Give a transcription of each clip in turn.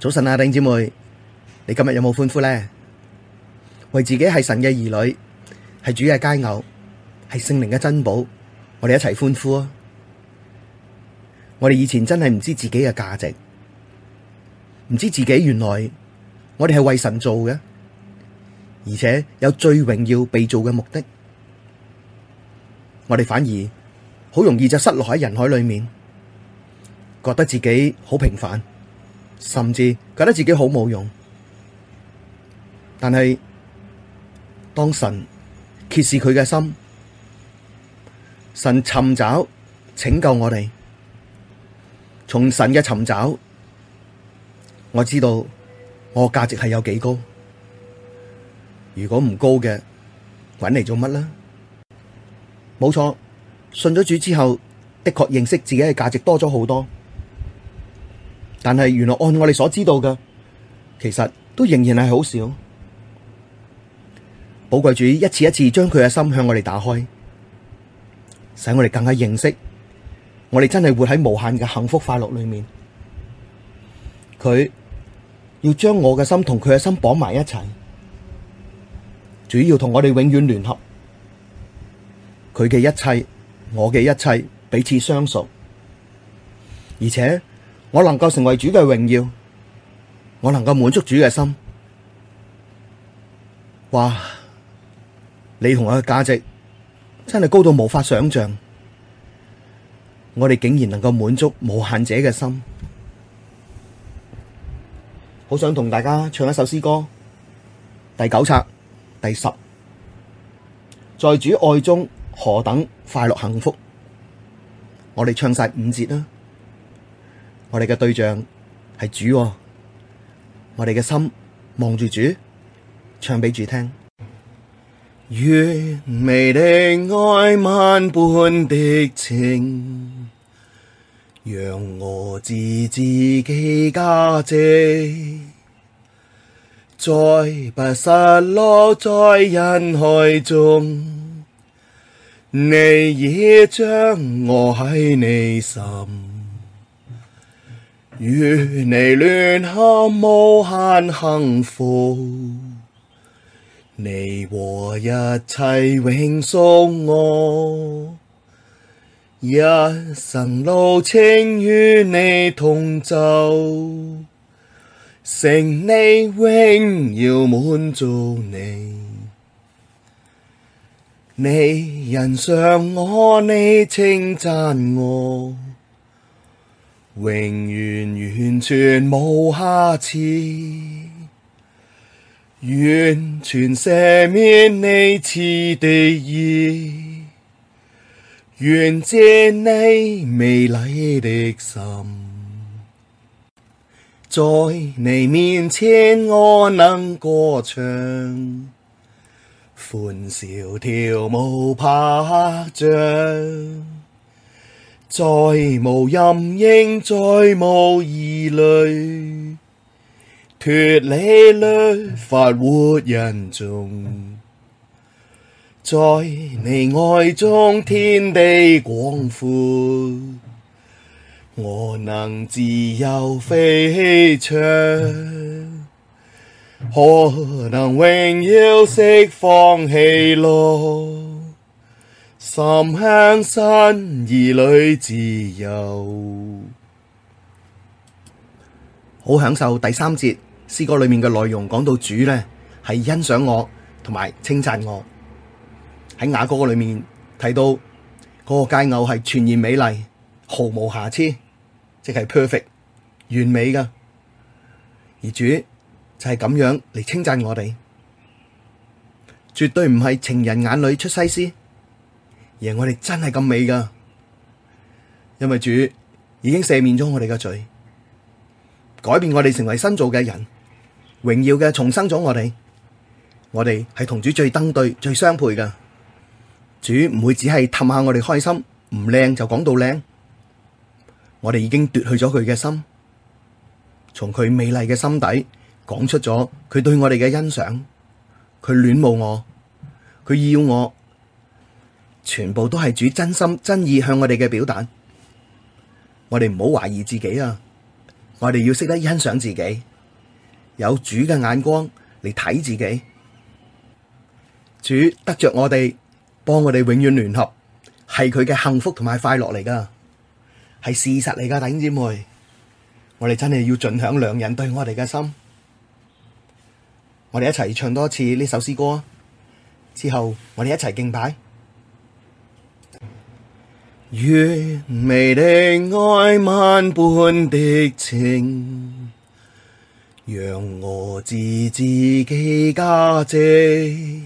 早晨啊，弟兄姊妹，你今日有冇歡呼呢？為自己係神嘅兒女，係主嘅佳偶，係聖靈嘅珍寶，我哋一齊歡呼啊！我哋以前真係唔知自己嘅價值，唔知自己原來我哋係為神做嘅，而且有最榮耀被造嘅目的。我哋反而好容易就失落喺人海裏面，覺得自己好平凡。甚至覺得自己好冇用，但係當神揭示佢嘅心，神尋找，拯救我哋，從神嘅尋找，我知道我價值係有幾高。如果唔高嘅，搵嚟做乜呢？冇錯，信咗主之後，的確認識自己嘅價值多咗好多。但係原來按我哋所知道嘅，其實都仍然係好少。寶貴主一次一次將佢嘅心向我哋打開，使我哋更加認識，我哋真係活喺無限嘅幸福快樂裏面。佢要將我嘅心同佢嘅心綁埋一齊，主要同我哋永遠聯合。佢嘅一切，我嘅一切，彼此相屬，而且。我能夠成為主嘅榮耀，我能夠滿足主嘅心。哇！你同我嘅價值真係高到無法想象，我哋竟然能夠滿足無限者嘅心。好想同大家唱一首詩歌，第九冊第十，在主愛中何等快樂幸福！我哋唱晒五節啦。我哋嘅對象係主，哦，我哋嘅心望住主，唱畀主聽。完美的愛萬般的情，讓我知自己價值，再不失落，在人海中，你已將我繫你心。與你聯合無限幸福，你和一切永屬我，一生路程與你同走，成你榮耀，滿足你，你欣賞我，你稱讚我。永遠完全無瑕疵，完全赦免你賜的義，源自你美麗的心，在你面前我能歌唱，歡笑、跳舞、拍掌。再無陰影，再無疑慮，脫離律法活恩中，在你愛中天地廣闊，我能自由飛翔，何等榮耀釋放喜樂。深享神兒女自由，好享受。第三節詩歌裏面嘅內容講到主呢，係欣賞我同埋稱讚我。喺雅歌裏面睇到嗰、那個佳偶係全然美麗，毫無瑕疵，即係 perfect 完美噶。而主就係咁樣嚟稱讚我哋，絕對唔係情人眼裏出西施。而我哋真係咁美噶，因為主已經赦免咗我哋嘅罪，改變我哋成為新造嘅人，榮耀嘅重生咗我哋。我哋係同主最登對、最相配噶。主唔會只係氹下我哋開心，唔靚就講到靚。我哋已經奪去咗佢嘅心，從佢美麗嘅心底講出咗佢對我哋嘅欣賞，佢戀慕我，佢要我。全部都係主真心真意向我哋嘅表達，我哋唔好懷疑自己啊！我哋要識得欣賞自己，有主嘅眼光嚟睇自己。主得着我哋，幫我哋永遠聯合，係佢嘅幸福同埋快樂嚟噶，係事實嚟噶，弟兄姐妹。我哋真係要盡享良人對我哋嘅心。我哋一齊唱多次呢首詩歌，之後我哋一齊敬拜。完美的愛，萬般的情，讓我知自己價值，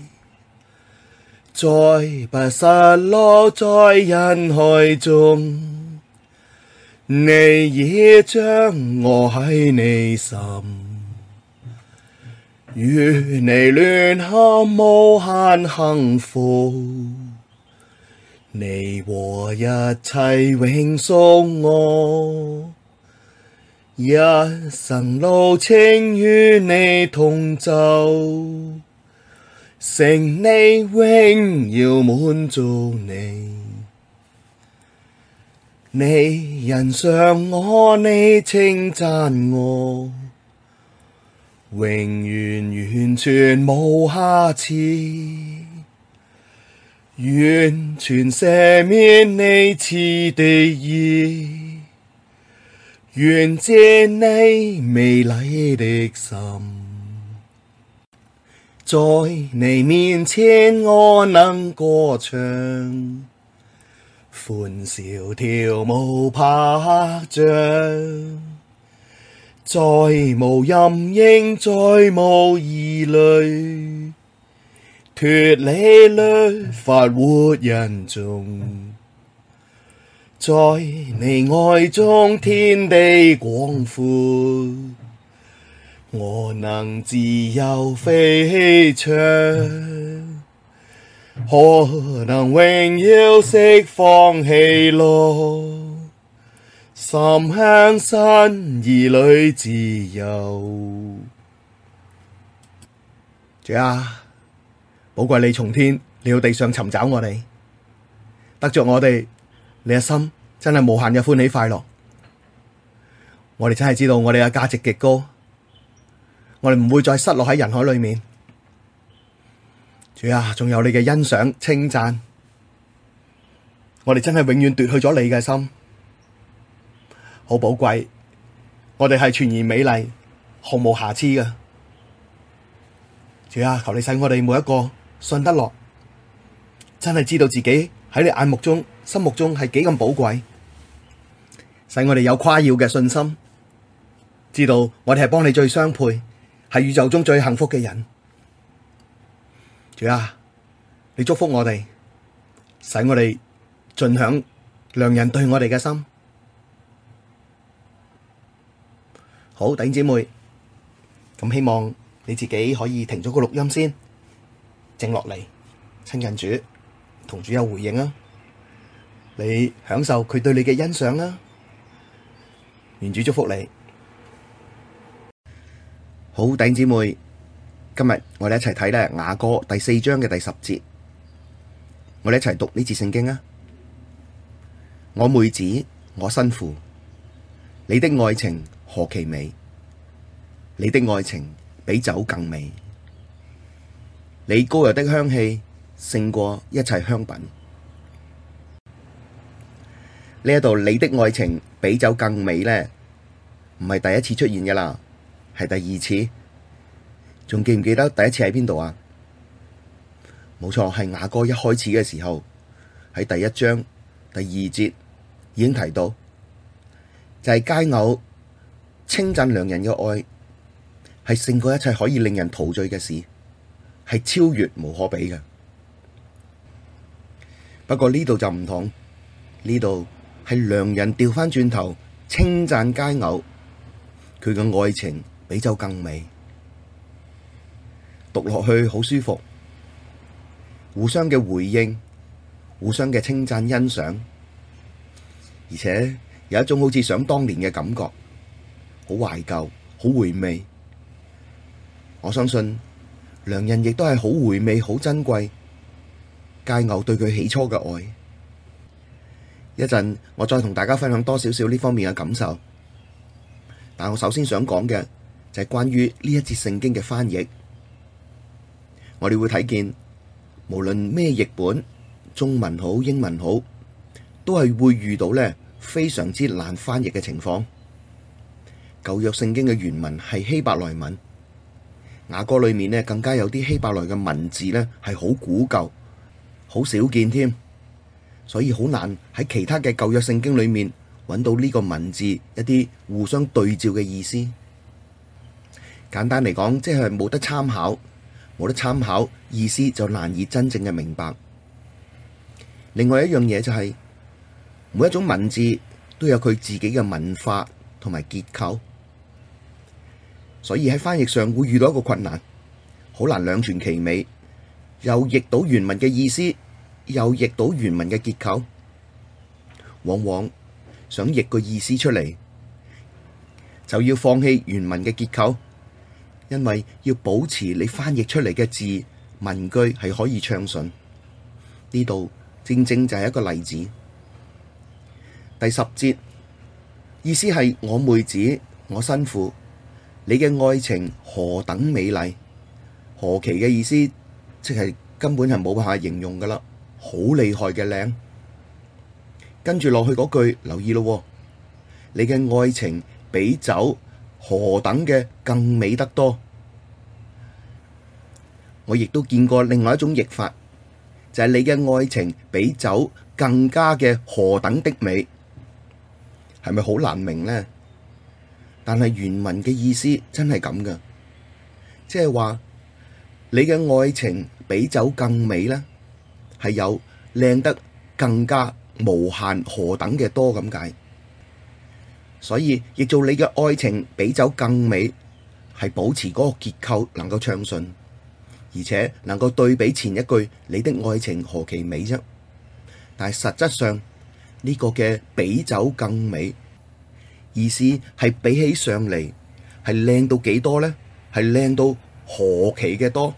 再不失落，在人海中，你已將我繫你心，與你聯合，無限幸福。你和一切永屬我，一生路程與你同走，成你榮耀滿足你，你欣賞我，你稱讚我，永遠完全無瑕疵。完全赦免你賜的義，源自你美麗的心，在你面前我能歌唱，歡笑、跳舞拍掌，再無陰影，再無疑慮。脫離律法活恩中，在你愛中天地廣闊，我能自由飛翔，何等榮耀、釋放、喜樂，深享神兒女自由。Yeah. 寶貴你從天嚟到地上尋找我哋，得着我哋，你嘅心真係無限嘅歡喜快樂。我哋真係知道我哋嘅價值極高，我哋唔會再失落喺人海裏面。主啊，仲有你嘅欣賞稱讚，我哋真係永遠奪去咗你嘅心，好寶貴。我哋係全然美麗，毫無瑕疵嘅。主啊，求你使我哋每一個。信得落，真係知道自己喺你眼目中、心目中係幾咁寶貴，使我哋有誇耀嘅信心，知道我哋係幫你最相配，係宇宙中最幸福嘅人。主啊，你祝福我哋，使我哋盡享良人對我哋嘅心。好，弟兄姊妹，咁希望你自己可以停咗個錄音先。靜落嚟，親近主，同主有回應啊！你享受佢對你嘅欣賞啦，願主祝福你。好，弟兄姊妹，今日我哋一齊睇咧雅歌第四章嘅第十節，我哋一齊讀呢節聖經啊！我妹子，我新婦，你的愛情何其美，你的愛情比酒更美。你膏油的香氣勝過一切香品。呢一度，你的愛情比酒更美呢，唔係第一次出現嘅啦，係第二次。仲記唔記得第一次喺邊度啊？冇錯，係雅歌一開始嘅時候，喺第一章第二節已經提到，就係、是、佳偶稱讚良人嘅愛，係勝過一切可以令人陶醉嘅事。係超越無可比嘅。不過呢度就唔同，呢度係良人調翻轉頭稱讚佳偶，佢嘅愛情比酒更美，讀落去好舒服，互相嘅回應，互相嘅稱讚欣賞，而且有一種好似想當年嘅感覺，好懷舊，好回味，我相信。良人亦都係好回味、好珍貴。佳偶對佢起初嘅愛，一陣我再同大家分享多少少呢方面嘅感受。但我首先想講嘅就係、是、關於呢一節聖經嘅翻譯，我哋會睇見無論咩譯本，中文好、英文好，都係會遇到呢非常之難翻譯嘅情況。舊約聖經嘅原文係希伯來文。雅歌裏面咧，更加有啲希伯來嘅文字咧，係好古舊，好少見添，所以好難喺其他嘅舊約聖經裏面揾到呢個文字一啲互相對照嘅意思。簡單嚟講，即係冇得參考，冇得參考，意思就難以真正嘅明白。另外一樣嘢就係、是，每一種文字都有佢自己嘅文化同埋結構。所以喺翻譯上會遇到一個困難，好難兩全其美，又譯到原文嘅意思，又譯到原文嘅結構，往往想譯個意思出嚟，就要放棄原文嘅結構，因為要保持你翻譯出嚟嘅字文句係可以暢順。呢度正正就係一個例子。第十節意思係我妹子，我新婦。你嘅愛情何等美麗，何其嘅意思，即係根本係冇辦法形容㗎喇，好厲害嘅靚。跟住落去嗰句，留意咯，你嘅愛情比酒何等嘅更美得多。我亦都見過另外一種譯法，就係你嘅愛情比酒更加嘅何等的美，係咪好難明呢？但係原文嘅意思真係咁噶即係話你嘅愛情比酒更美啦，係有靚得更加無限何等嘅多咁解。所以亦做你嘅愛情比酒更美，係保持嗰個結構能夠暢順，而且能夠對比前一句你的愛情何其美啫。但係實質上呢個嘅比酒更美。意思係比起上嚟係靚到幾多呢？係靚到何其嘅多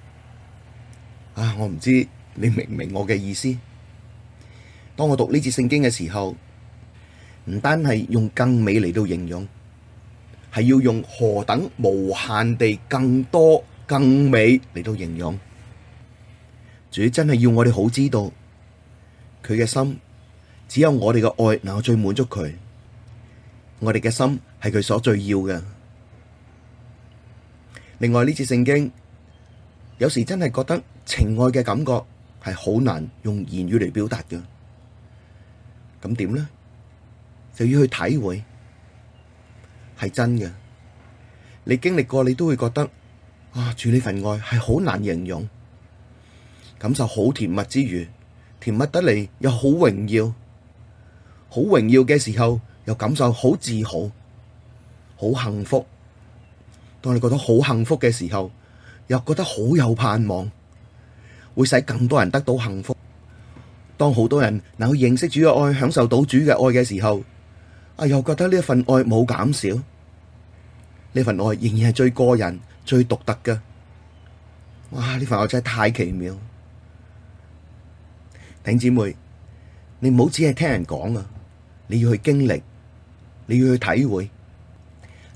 啊！我唔知你明唔明我嘅意思。當我讀呢節聖經嘅時候，唔單係用更美嚟到形容，係要用何等無限地更多、更美嚟到形容。主真係要我哋好知道佢嘅心，只有我哋嘅愛能夠最滿足佢。我哋嘅心係佢所最要嘅。另外呢次聖經，有時真係覺得情愛嘅感覺係好難用言語嚟表達嘅。咁點呢？就要去體會係真嘅。你經歷過，你都會覺得啊，主呢份愛係好難形容，感受好甜蜜之餘，甜蜜得嚟又好榮耀，好榮耀嘅時候。又感受好自豪，好幸福。當你覺得好幸福嘅時候，又覺得好有盼望，會使更多人得到幸福。當好多人能夠認識主嘅愛，享受到主嘅愛嘅時候，啊，又覺得呢一份愛冇減少，呢份愛仍然係最個人、最獨特嘅。哇！呢份愛真係太奇妙。弟兄姊妹，你唔好只係聽人講啊，你要去經歷。你要去體會，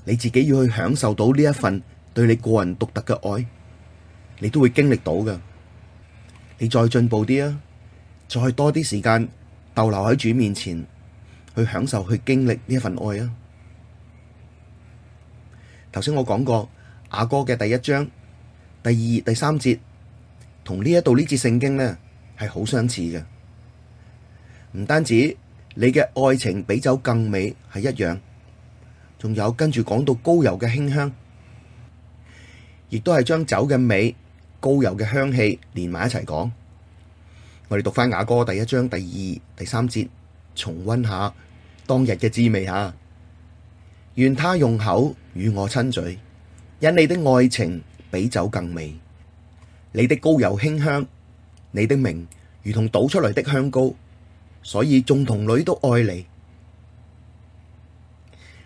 你自己要去享受到呢一份對你個人獨特嘅愛，你都會經歷到㗎。你再進步啲啊，再多啲時間逗留喺主面前，去享受去經歷呢一份愛啊！頭先我講過雅歌嘅第一章第二第三節，同呢一度呢節聖經呢係好相似嘅，唔單止。你嘅愛情比酒更美，係一樣。仲有跟住講到膏油嘅馨香，亦都係將酒嘅美、膏油嘅香氣連埋一齊講。我哋讀翻雅歌第一章第二、第三節，重溫下當日嘅滋味下。願他用口與我親嘴，因你的愛情比酒更美，你的膏油馨香，你的名如同倒出嚟的香膏。所以眾同女都愛你。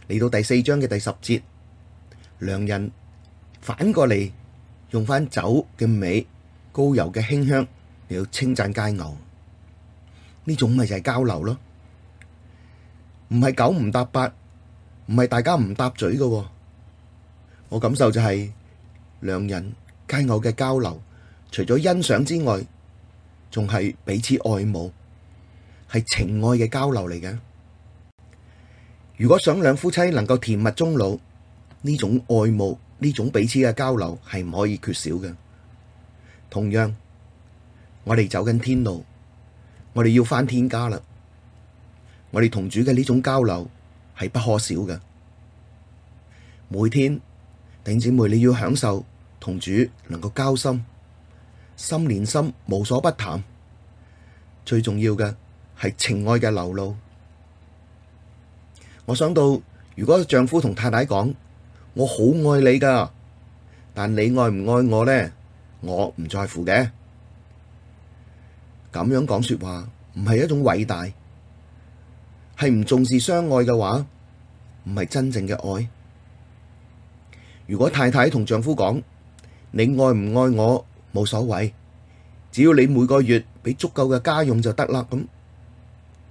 嚟到第四章嘅第十節，兩人反過嚟用翻酒嘅美、高油嘅馨香嚟到稱讚佳牛。呢種咪就係交流咯，唔係九唔搭八，唔係大家唔搭嘴嘅。我感受就係、是、兩人街偶嘅交流，除咗欣賞之外，仲係彼此愛慕，係情愛嘅交流嚟嘅。如果想兩夫妻能夠甜蜜終老，呢種愛慕、呢種彼此嘅交流係唔可以缺少嘅。同樣，我哋走緊天路，我哋要返天家啦。我哋同主嘅呢種交流係不可少嘅。每天，弟兄姊妹，你要享受同主能夠交心，心連心，無所不談。最重要嘅。係情愛嘅流露，我想到如果丈夫同太太講，我好愛你噶，但你愛唔愛我呢？我唔在乎嘅。咁樣講說話唔係一種偉大，係唔重視相愛嘅話，唔係真正嘅愛。如果太太同丈夫講，你愛唔愛我冇所謂，只要你每個月俾足夠嘅家用就得啦，咁。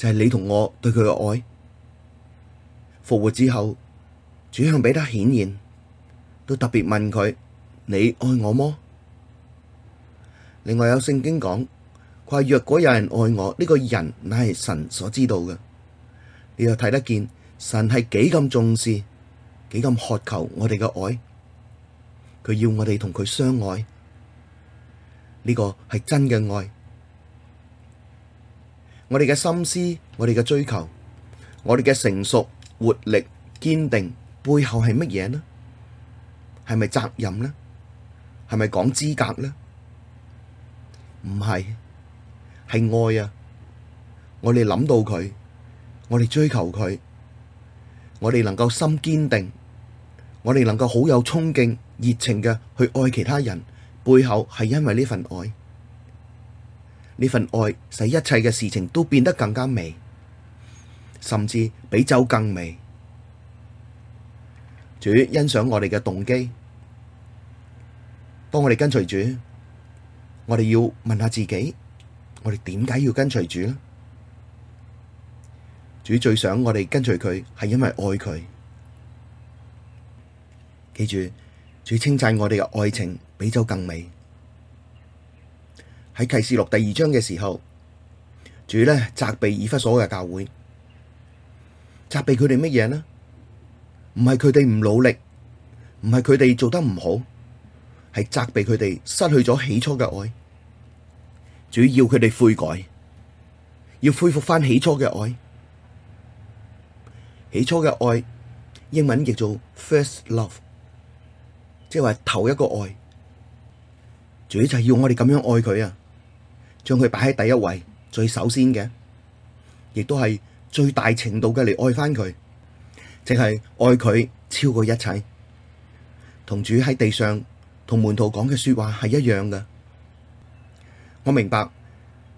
就係你同我對佢嘅愛復活之後，主向彼得顯現，都特別問佢：你愛我麼？另外有聖經講，佢話若果有人愛我，呢個人乃係神所知道嘅。你又睇得見神係幾咁重視，幾咁渴求我哋嘅愛，佢要我哋同佢相愛，呢個係真嘅愛。我哋嘅心思，我哋嘅追求，我哋嘅成熟活力堅定背後係乜嘢呢？係咪責任呢？係咪講資格呢？唔係，係愛啊！我哋諗到佢，我哋追求佢，我哋能夠心堅定，我哋能夠好有衝勁、熱情嘅去愛其他人，背後係因為呢份愛。呢份愛使一切嘅事情都變得更加美，甚至比酒更美。主欣賞我哋嘅動機，幫我哋跟隨主。我哋要問下自己，我哋點解要跟隨主呢？主最想我哋跟隨佢，係因為愛佢。記住，主稱讚我哋嘅愛情比酒更美。喺啟示錄第二章嘅時候，主呢責備以弗所嘅教會，責備佢哋乜嘢呢？唔係佢哋唔努力，唔係佢哋做得唔好，係責備佢哋失去咗起初嘅愛，主要佢哋悔改，要恢復翻起初嘅愛，起初嘅愛英文叫做 first love，即係話頭一個愛，主要就係要我哋咁樣愛佢啊！將佢擺喺第一位，最首先嘅，亦都係最大程度嘅嚟愛返佢，淨係愛佢超過一切，同主喺地上同門徒講嘅說話係一樣嘅。我明白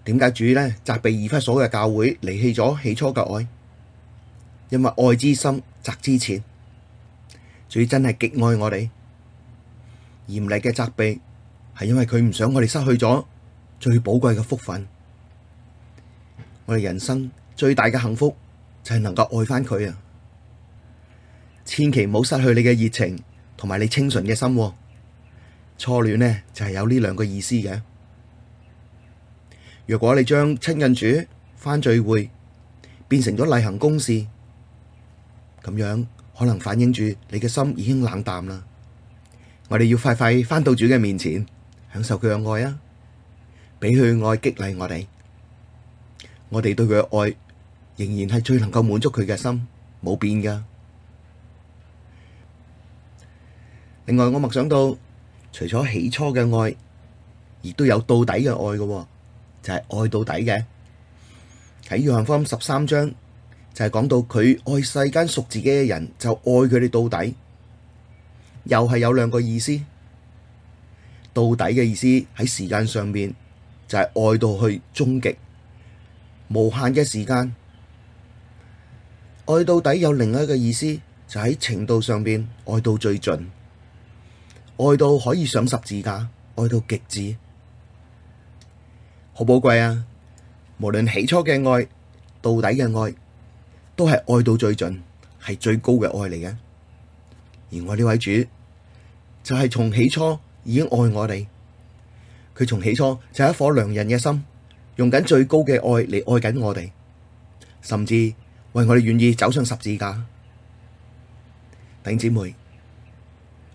點解主呢責備以弗所嘅教會，離棄咗起初嘅愛，因為愛之深責之切，主真係極愛我哋，嚴厲嘅責備係因為佢唔想我哋失去咗。最寶貴嘅福分，我哋人生最大嘅幸福就係、是、能夠愛返佢啊！千祈唔好失去你嘅熱情同埋你清純嘅心。初戀呢，就係有呢兩個意思嘅。如果你將親近主返聚會變成咗例行公事，咁樣可能反映住你嘅心已經冷淡啦。我哋要快快返到主嘅面前，享受佢嘅愛啊！俾佢愛激勵我哋，我哋對佢嘅愛仍然係最能夠滿足佢嘅心，冇變噶。另外，我默想到，除咗起初嘅愛，亦都有到底嘅愛嘅，就係愛到底嘅。喺約翰福音十三章，就係講到佢愛世間屬自己嘅人，就愛佢哋到底，又係有兩個意思，到底嘅意思喺時間上面。就係愛到去終極，無限嘅時間。愛到底有另一個意思，就喺、是、程度上邊，愛到最盡，愛到可以上十字架，愛到極致，好寶貴啊！無論起初嘅愛，到底嘅愛，都係愛到最盡，係最高嘅愛嚟嘅。而我呢位主，就係、是、從起初已經愛我哋。佢從起初就係一顆良人嘅心，用緊最高嘅愛嚟愛緊我哋，甚至為我哋願意走上十字架。頂姊妹，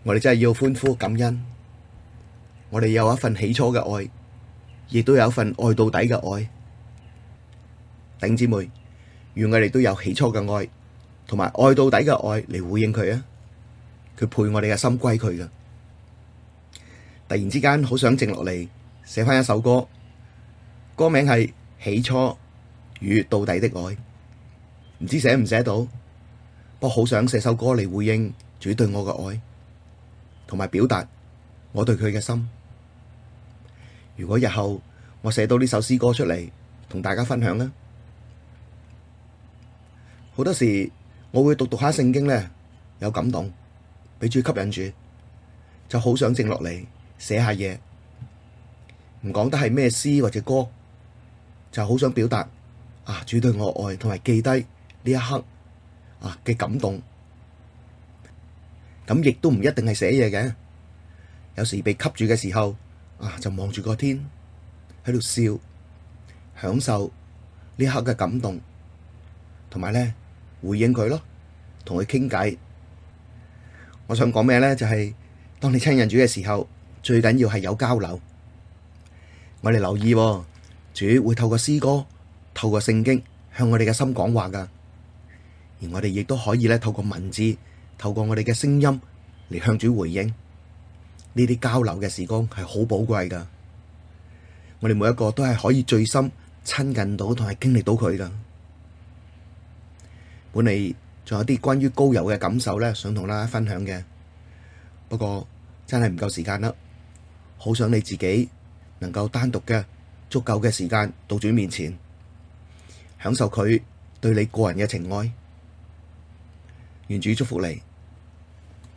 我哋真係要歡呼感恩，我哋有一份起初嘅愛，亦都有一份愛到底嘅愛。頂姊妹，願我哋都有起初嘅愛，同埋愛到底嘅愛嚟回應佢啊！佢配我哋嘅心歸佢嘅。突然之間，好想靜落嚟寫翻一首歌，歌名係《起初與到底的愛》，唔知寫唔寫到。我好想寫首歌嚟回應主對我嘅愛，同埋表達我對佢嘅心。如果日後我寫到呢首詩歌出嚟，同大家分享啦。好多時我會讀讀下聖經呢，有感動，俾主吸引住，就好想靜落嚟。寫下嘢，唔講得係咩詩或者歌，就好想表達啊主對我嘅愛，同埋記低呢一刻啊嘅感動。咁亦都唔一定係寫嘢嘅，有時被吸住嘅時候啊就望住個天，喺度笑，享受呢刻嘅感動，同埋咧回應佢咯，同佢傾偈。我想講咩咧？就係、是、當你親近主嘅時候。最緊要係有交流，我哋留意，主會透過詩歌、透過聖經向我哋嘅心講話噶，而我哋亦都可以咧透過文字、透過我哋嘅聲音嚟向主回應。呢啲交流嘅時光係好寶貴噶，我哋每一個都係可以最深親近到同埋經歷到佢噶。本嚟仲有啲關於高郵嘅感受咧，想同大家分享嘅，不過真係唔夠時間啦。好想你自己，能夠單獨嘅足夠嘅時間到主面前，享受佢對你個人嘅情愛。願主祝福你。